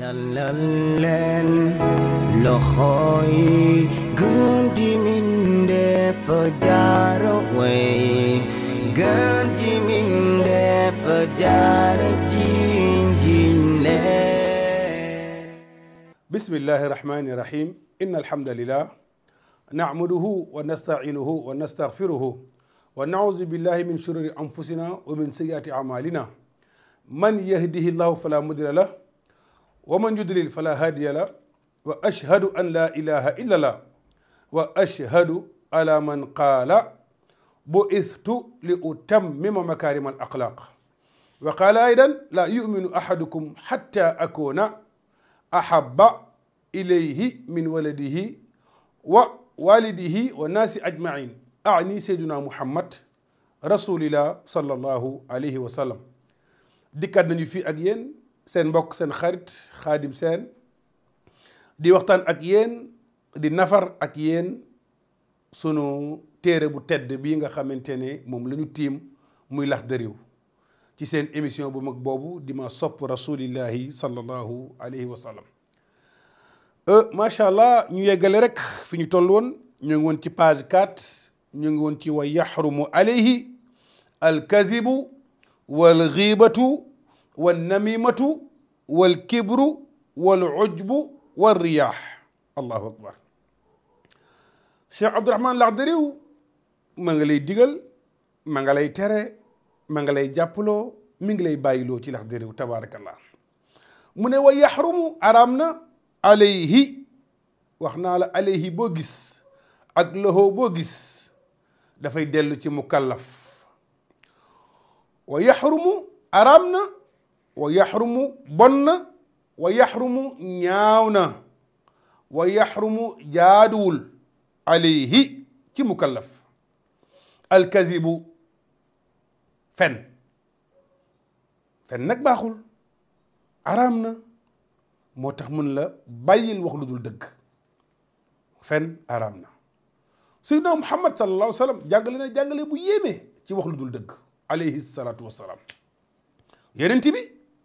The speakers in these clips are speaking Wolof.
tàllal leen loxo yi gën di mindeef jaara way gën di mindeef jaara jiñ jiñ leen bismillahi rahmani rahim inna alhamdulillah nahmaduhu wa nasta'inuhu wa nastaghfiruhu wa na'uuzu billahi min shururi anfusina wa min sayyiati a'malina man yahdihi llahu fala mudilla lah wa man yudlil fala hadiya la wa ashhadu an laa ilaha illa allah wa ashhadu ala man qaala bu'ithtu li utammima makarim al axlaq wa qaala aydan laa yuminu ahadukum xatta akuna ahaba ilayhi min waladihi wa walidihi wa naasi ajmain ani sayduna muhammad rasulillah sallallahu alayhi wa sallam dikkaat nañu fii ak yéen seen mbokk seen xarit xaadim seen di waxtaan ak yéen di nafar ak yeen sunu téere bu tedd bii nga xamante ne moom la ñu tiim muy lax Laxdariyu ci seen émission bu mag boobu di ma sopp rasulillahi sallallahu alayhi wa sallam euh, macha allah ñu yeggale rek fi ñu toll woon ñu ngi woon ci page 4 ñu ngi woon ci wa yaxrumu alayhi alkazibu wal xiibatu wannamimatu walkibru walujbu walriyaax allahu akbar cheikh abdourahman laxdariw ma nga lay digal ma nga lay tere ma nga lay jàppaloo mi ngi lay bàyyiloo ci laxdariw tabaarakallah mu ne wa yaxrumu araam alayhi wax naa la alayhi boo gis ak lahoo boo gis dafay dellu ci mukallaf wa yaxrumu araam wa yaxrumu bon na wa yaxrumu ñaaw na wa yaxrumu jaaduwul alayhi ci mukallaf alkazibu fen fen nag baaxul araam na moo tax mun la bàyyil wax lu dul dëgg fen araam na sayyidina Muhammad sallallahu alayhi wa sallam jàngale na jàngale bu yéeme ci wax lu dul dëgg alayhi salaatu wa salaam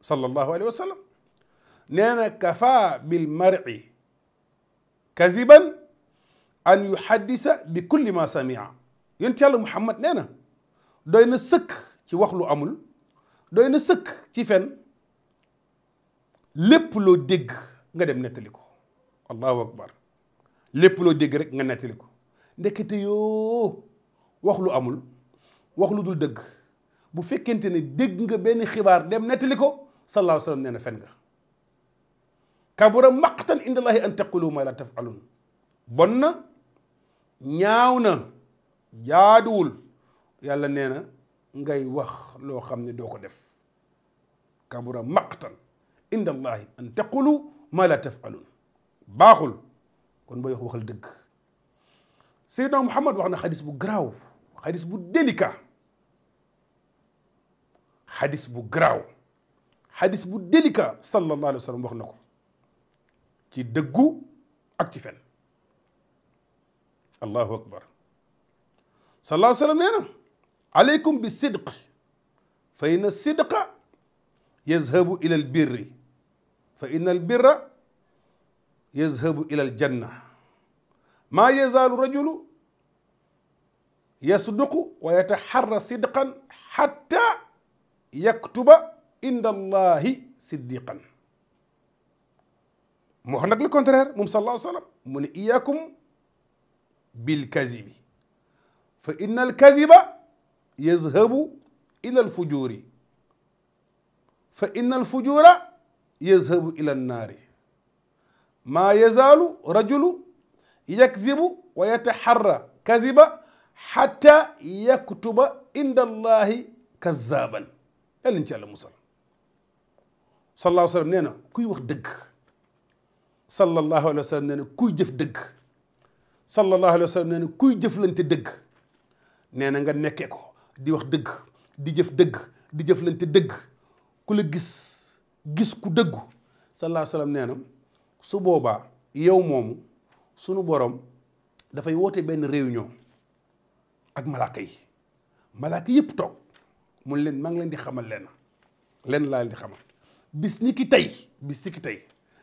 sallallahu alayhi wa sallam nee na kafa bil mar'i kaziban an yuhaddisa bi kulli ma samia yonent yàlla Muhammad nee na doy na sëkk ci wax lu amul doy na sëkk ci fen lépp loo dégg nga dem nettali ko allahu akbar lépp loo dégg rek nga nettali ko ndekete yoo wax lu amul wax lu dul dëgg bu fekkente ne dégg nga benn xibaar dem nettali ko sallallahu alayhi wa sallam nee na fen nga kabura maqtan indallaahi an taqulu ma la tafalun bon na ñaaw na jaaduwul yàlla nee na ngay wax loo xam ne doo ko def kabura maqtan indallaahi an taqulu ma la tafalun baaxul kon booy wax waxal dëgg Seydina Muhammad wax na xadis bu garaaw xadis bu délicat xadis bu garaaw xadis bu délicat sallallahu alayhi wa sallam wax na ko ci dëggu ak ci fen allahu akbar sallallahu alayhi wa sallam nee na aleykum bi sidq fa inna sidqa yazhabu ila al birri fa inna al birra yazhabu ila al janna maa yazaalu rajulu yasduqu wa yataxarra sidqan xatta yaktuba inda allahi siddiqan mu wax nag le contraire moom sallallahu alayhi wa sallam mu ne iyaakum bil kazibi fa inna al kaziba yazhabu ila al fujuri fa inna al fujura yazhabu ila an naari maa yazaalu rajulu yakzibu wa yataxarra kaziba xata yaktuba inda allahi kazaaban yàlla nañ ci yàlla musal sallallahu alayhi wa sallam nee na kuy wax dëgg sallallahu alayhi wa sallam nee na kuy jëf dëgg sallallahu alayhi wa sallam nee na kuy jëflante dëgg nee na nga nekkee ko di wax dëgg di jëf dëgg di jëflante dëgg ku la gis gis ku dëggu sallallahu alayhi wa sallam nee na su boobaa yow moomu sunu borom dafay woote benn réunion ak malaaka yi malaaka yëpp toog mun leen maa ngi leen di xamal leen lenn laa leen di xamal bis ni ki tey bis ni ki tey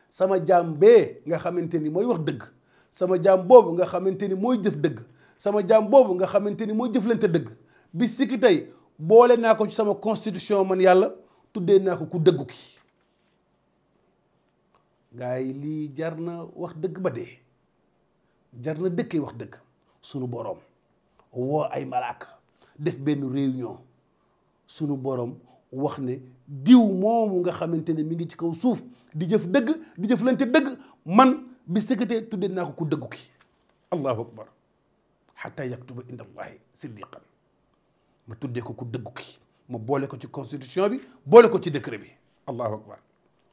sama jaam bee nga xamante ni mooy wax dëgg sama jaam boobu nga xamante ni mooy jëf dëgg sama jaam boobu nga xamante ni mooy jëflante dëgg bis ni ki tey boole naa ko ci sama constitution man yàlla tuddee naa ko ku dëggu ki gaa yi lii jar na wax dëgg ba dee jar na dëkkee wax dëgg sunu boroom woo ay malaaka def benn réunion sunu boroom wax ne diw moomu nga xamante ne mu ngi ci kaw suuf di jëf dëgg di jëflante dëgg man bi secrétaire tuddee naa ko ku dëggu ki allahu akbar xataa yaktuba inda allahi siddiqan ma tuddee ko ku dëggu ki ma boole ko ci constitution bi boole ko ci décret bi allahu akbar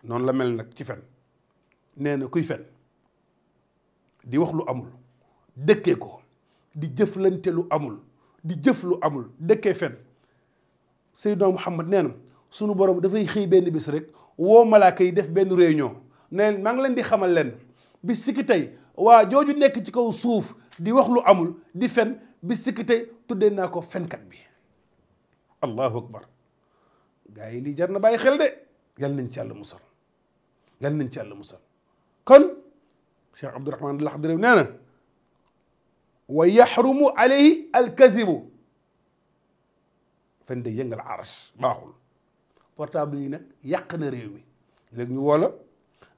noonu la mel nag ci fen nee na kuy fen di wax lu amul dëkkee ko di jëflante lu amul di jëf lu amul dëkkee fen Seydina Muhammad nee na sunu borom dafay xëy benn bis rek woo malaakayi def benn réunion nee maa ngi leen di xamal leen bis tey waa jooju nekk ci kaw suuf di wax lu amul di fen bis sikki tey tuddee naa ko fenkat bi allahu akbar gaa yi lii jar na bàyyi xel de yal nañ ci yàlla musal yal nañ ci yàlla musal kon Cheikh Abdourahman al Laxdari nee na wa yaxrumu alayhi alkazibu fen day yëngal aras baaxul portable yi nag yàq na réew mi léegi ñu woola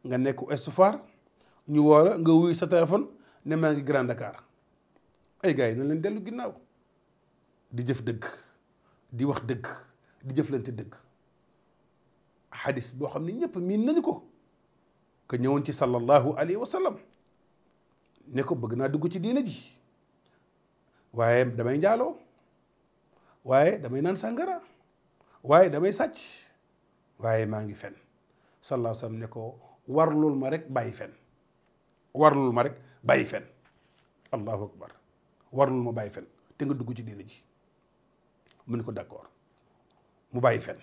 nga nekk estufar ñu woola nga wuy sa téléphone ne maa ngi Grand Dakar ay gars yi na leen dellu ginnaaw di jëf dëgg di wax dëgg di jëflante dëgg xadis boo xam ne ñëpp miin nañ ko que ñëwoon ci sallallahu alayhi wa sallam bëgg naa dugg ci diina ji waaye damay njaaloo waaye damay naan sàngara waaye damay sàcc waaye maa ngi fen sallallahu alayhi wasallam ne ko warlul ma rek bàyyi fen warlul ma rek bàyyi fen allahu akbar warlul ma bàyyi fen te nga dugg ci diina ji mu ne ko d'accord mu bàyyi fen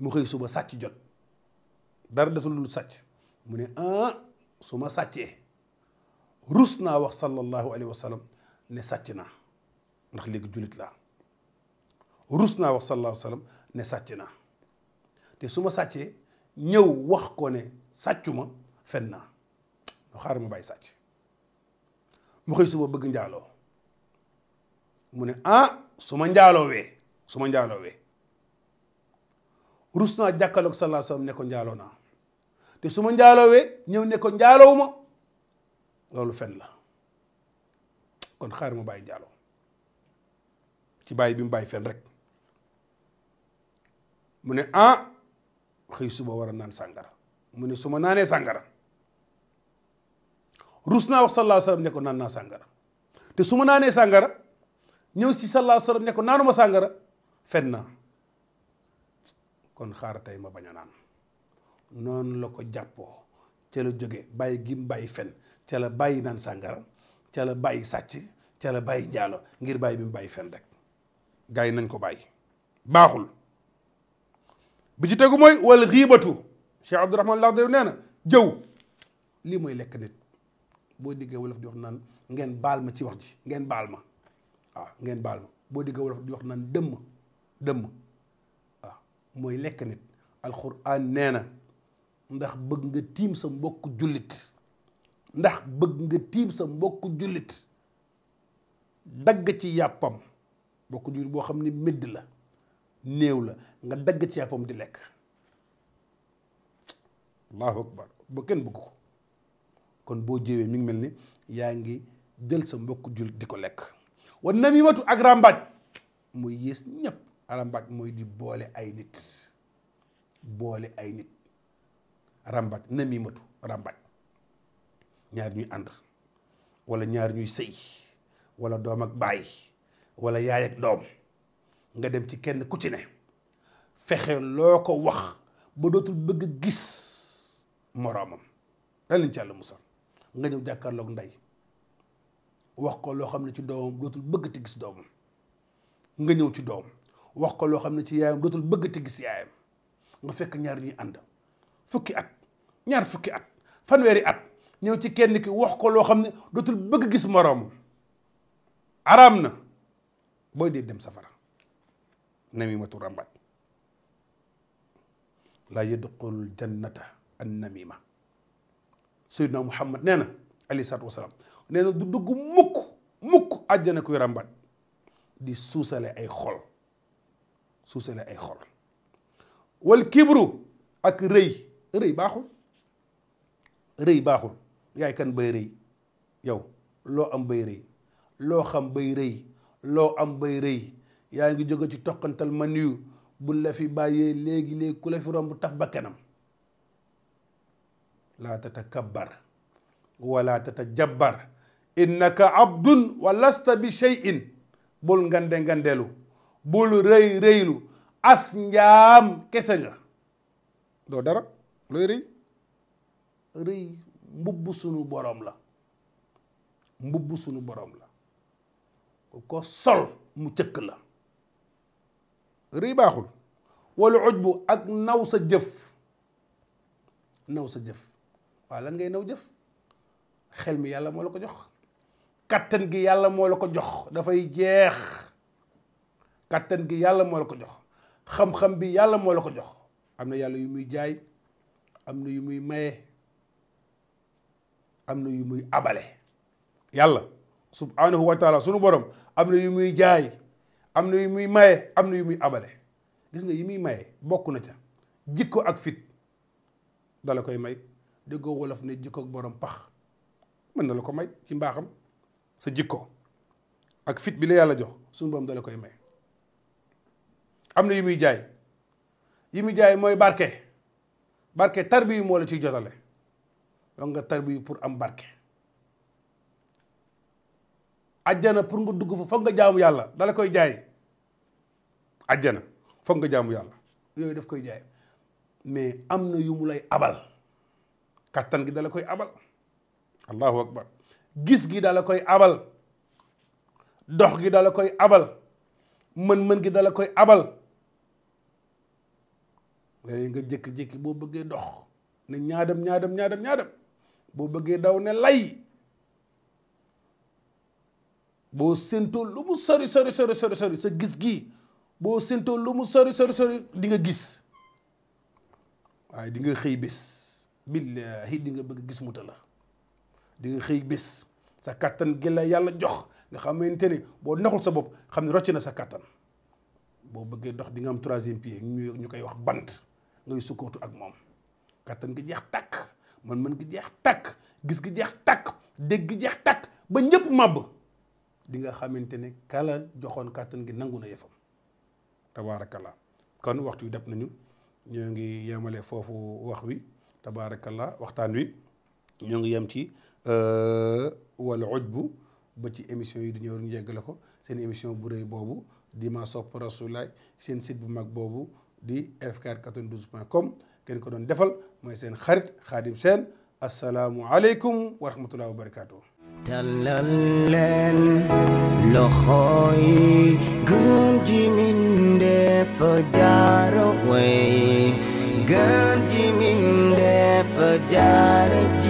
mu suba sàcc jot dara deful sàcc mu ne ah su ma sàccee rus naa wax sallallahu alayhi wa sallam ne sàcc naa ndax léegi jullit laa rus naa wax sallallahu alayhi ne sàcc naa te su ma sàccee ñëw wax koo ne sàccuma fen naa ñu xaaral ma bàyyi sàcc mu xëy suba bëgg njaaloo mu ne ah su ma njaaloowee su ma njaaloowee rus naa jàkkaloog sallallahu alayhi wa sallam njaaloo naa te su ma njaaloowee ñëw ne njaaloo ma loolu fen la kon xaaral ma bàyyi njaaloo ci bàyyi bi mu bàyyi fen rek mu ne ah xëy suba war a naan sàngara mu ne su ma naanee sàngara rus naa wax sallallahu alayhi wasallam ne naan naa sàngara te su ma naanee sàngara ñëw si sallallahu alayhi wasallam ne ko naanuma fen naa kon xaar tey ma bañ a naan noonu la ko jàppoo ca la jóge bàyyi gim bàyyi fen ca la bàyyi naan sàngara ca la bàyyi sàcc ca la bàyyi njaalo ngir bàyyi bi mu bàyyi fen rek gars yi nañ ko bàyyi baaxul bi ci tegu mooy wal xiibatu Cheikh Abdourahman Laxdari nee na jëw lii mooy lekk nit boo diggee wolof di wax naan ngeen baal ma ci wax ji ngeen baal ma waaw ah, ngeen baal ma boo diggee wolof di wax naan dëmm dëmm waaw ah, mooy lekk nit alquran nee na ndax bëgg nga tiim sa mbokk jullit ndax bëgg nga tiim sa mbokk jullit dagg ci yàppam bokk jur boo xam ne médd la néew la nga dagg ci yàppam di lekk allahu akbar ba kenn bëgg ko kon boo jëwee mi mel ni yaa ngi jël sa mbokk jul di ko lekk wa namimatu ak ràmbaaj mooy yées ñëpp ràmbaaj mooy di boole ay nit boole ay nit ràmbaaj namimatu ràmbaaj ñaar ñuy ànd wala ñaar ñuy sëy wala doom ak baay wala yaay ak doom nga dem ci kenn ku ci ne fexe loo ko wax ba dootul bëgg gis moroomam danañ ci àll musal nga ñëw jàkkaarloog ndey wax ko loo xam ne ci doomam dootul bëgg ti gis doomam nga ñëw ci doom wax ko loo xam ne ci yaayam dootul gis yaayam nga fekk ñaar ñuy ànd fukki at ñaar fukki at fanweeri at ñëw ci kenn ki wax ko loo xam ne dootul bëgg gis moroomam araam na booy dee dem safara namimatu rambaaj laa yadxulul jannata an namima sayyidna muhammad nee na alayhi salaatu wasalaam nee na du dugg mukk mukk àjjana kuy rambaaj di suusale ay xol suusale ay xol wal kibru ak rëy rëy baaxul rëy baaxul yaay kan bay rëy yow loo am bay rëy loo xam bay rëy loo am bay rëy yaa ngi jóge ci toqantal ma niyu buñ la fi bàyyee léegi léegi ku la fi romb taf ba kanam laa tatakabbar wala tatajabbar innaka abdun wa lasta bi shay'in bul ngande ngandelu bul rëy rëylu as njaam kese nga doo dara looy rëy rëy mbubb sunu boroom la mbubb sunu boroom la ko sol mu cëkk la rëy baaxul wala oj bu ak naw sa jëf naw sa jëf waaw lan ngay naw jëf xel mi yàlla moo la ko jox kàttan gi yàlla moo la ko jox dafay jeex kattan gi yàlla moo la ko jox xam-xam bi yàlla moo la ko jox am na yàlla yu muy jaay am na yu muy maye am na yu muy abale yàlla subhanahu wa sunu borom am na yu muy jaay am na yu muy maye am na yu muy abale gis nga yi muy maye bokk na ca jikko ak fit dala koy may déggoo wolof ne jikkook ak borom pax mën na la ko may ci mbaaxam sa jikko ak fit bi la yàlla jox sunu borom dala koy may am na yu muy jaay yi muy jaay mooy barke barke tarbiyu yu moo la ciy jotale donc nga tarbi yu pour am barke ajjana pour nga dugg fa foog nga jaamu yàlla dala koy jaay ajjana foog nga jaamu yàlla yooyu daf koy jaay mais am na yumulay abal kattan gi dala koy abal allahu akbar gis gi dala koy abal dox gi dala koy abal mën-mën gi dala koy abal léegi nga jékki-jékki boo bëggee dox ne ñaadam ñaadam ñaadam ñaadam boo bëggee daw ne lay boo séntoo lu mu sori sori sori sori sori sa gis gii boo séntoo lu mu sori sori sori di nga gis waaye dinga nga xëy bés billaahi di nga bëgg gis muta la di nga xëy bés sa kàttan gi la yàlla jox nga xamante ne boo naxul sa bopp xam ne rocc na sa kàttan boo bëggee dox di nga am troisième pied ñu ñu koy wax bant ngay sukkootu ak moom kàttan gi jeex takk man-man gi jeex takk gis gi jeex takk dégg gi jeex tàkk ba ñëpp màbb di nga xamante ne kala joxoon kàttan gi nangu na yëfam tabaarakallaa kon waxtu wi def nañu ñoo ngi yemale foofu wax wi tabaarakallaa waxtaan wi ñoo ngi yem ci euh, wala bu ba ci émission yi du ñëw ñu yeggale ko seen émission bu rëy boobu di ma sopp rasulaay seen site bu mag boobu di fkr 92 point com kenn ko doon defal mooy seen xarit xaadim seen asalaamualeykum wa rahmatullahi wa barakaatu. tàllal leen loxo yi gën ji mindeef jaaro way gën ji mindeef jaaro